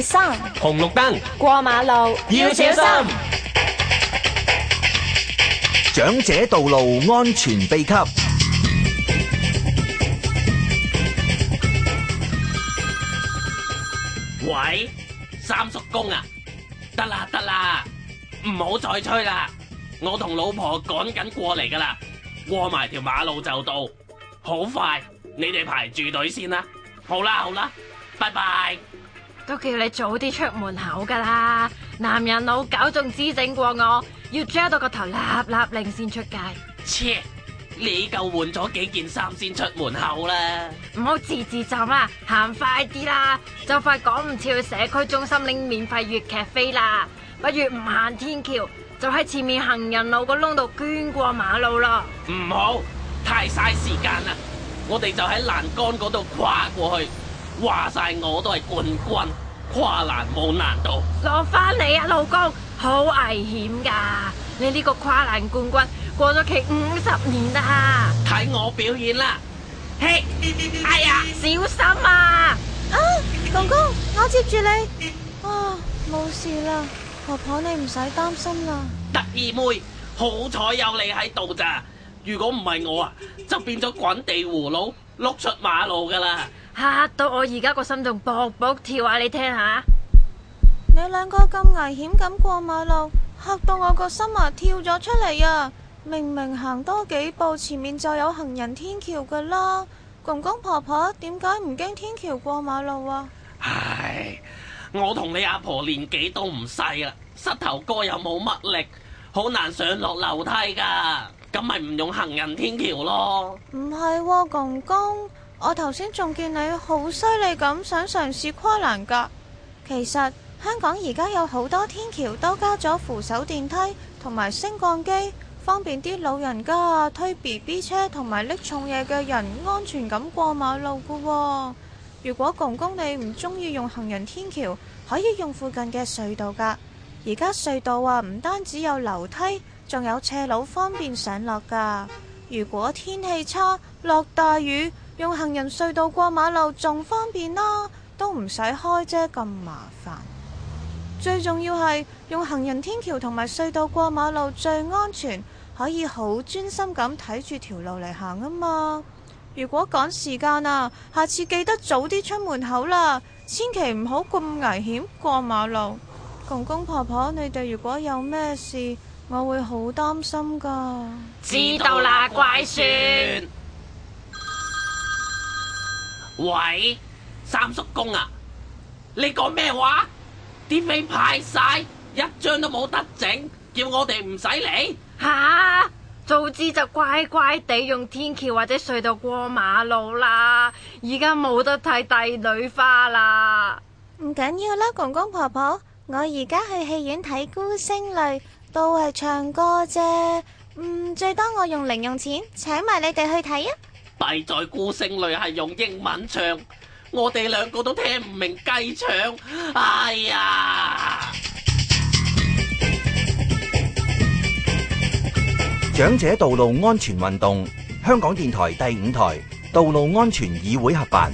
小心紅綠燈，過馬路要小心。長者道路安全秘笈。喂，三叔公啊，得啦得啦，唔好再催啦，我同老婆趕緊過嚟噶啦，過埋條馬路就到，好快，你哋排住隊先啦。好啦好啦，拜拜。都叫你早啲出門口噶啦！男人老狗仲姿整過我，要着到個頭立立令先出街。切，你夠換咗幾件衫先出門口啦？唔好自自站啦，行快啲啦！ 就快趕唔切去社區中心領免費粵劇飛啦！不如唔行天橋，就喺前面行人路個窿度捐過馬路咯。唔好，太嘥時間啦！我哋就喺欄杆嗰度跨過去。話晒我都係冠軍，跨欄冇難度。落返嚟啊，老公，好危險㗎！你呢個跨欄冠軍過咗期五十年啦。睇我表演啦！嘿、hey,，哎呀，小心啊！啊，公公，我接住你啊，哦，冇事啦，婆婆你唔使擔心啦。得意妹，好彩有你喺度咋？如果唔係我啊，就變咗滾地葫蘆。碌出馬路噶啦，吓到我而家個心仲卜卜跳啊！你聽下，你兩個咁危險咁過馬路，吓到我個心啊跳咗出嚟啊！明明行多幾步，前面就有行人天橋噶啦，公公婆婆點解唔經天橋過馬路啊？唉，我同你阿婆年紀都唔細啦，膝頭哥又冇乜力，好難上落樓梯噶。咁咪唔用行人天橋咯？唔係，啊，公公，我頭先仲見你好犀利咁想嘗試跨欄噶。其實香港而家有好多天橋都加咗扶手電梯同埋升降機，方便啲老人家啊、推 BB 車同埋拎重嘢嘅人安全咁過馬路噶。如果公公你唔中意用行人天橋，可以用附近嘅隧道噶。而家隧道啊，唔單止有樓梯。仲有斜路方便上落噶。如果天氣差，落大雨，用行人隧道過馬路仲方便啦，都唔使開遮咁麻煩。最重要係用行人天橋同埋隧道過馬路最安全，可以好專心咁睇住條路嚟行啊嘛。如果趕時間啊，下次記得早啲出門口啦，千祈唔好咁危險過馬路。公公婆婆，婆，你哋如果有咩事？我會好擔心噶，知道啦，乖孫船。喂，三叔公啊，你講咩話？啲飛派晒一張都冇得整，叫我哋唔使嚟？吓？早知就乖乖地用天橋或者隧道過馬路啦。而家冇得睇帝女花啦。唔緊要啦，公公婆婆婆，我而家去戲院睇《孤星淚》。都係唱歌啫，嗯，最多我用零用錢請埋你哋去睇啊！弊在顧勝女係用英文唱，我哋兩個都聽唔明雞腸，哎呀！長者道路安全運動，香港電台第五台，道路安全議會合辦。